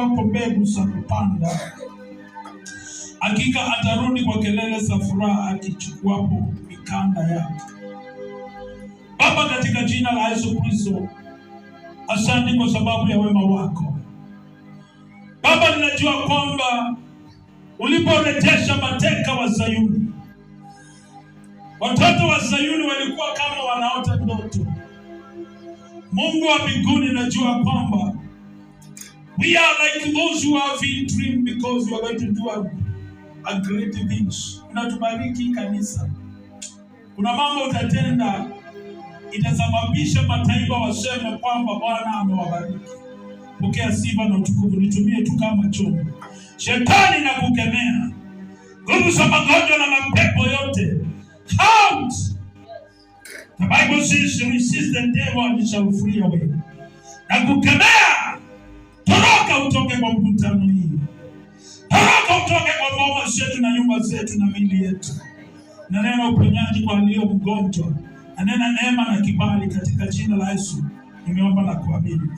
wako mbegu za kupanda. Hakika atarudi kwa kelele za furaha akichukuapo mikanda yake. Baba, katika jina la Yesu Kristo, asante kwa sababu ya wema wako Baba. Ninajua kwamba uliporejesha mateka wa Sayuni, watoto wa Sayuni walikuwa kama wanaota ndoto. Mungu wa mbinguni, najua kwamba We are like those who have been dream because you are going to do a, a great things. Unatubariki kanisa, kuna mambo utatenda itasababisha mataifa waseme kwamba Bwana amewabariki. Pokea sifa na utukufu, nitumie tu kama chombo. Shetani na kukemea nguvu za magonjwa na mapepo yote out. The Bible says resist the devil and he shall flee away. Na kukemea utoke kwa mkutano hii, haraka utoke kwa boma zetu na nyumba zetu na mili yetu. Nanena uponyaji kwa aliyo mgonjwa, nanena neema na kibali katika jina la Yesu nimeomba na kuamini.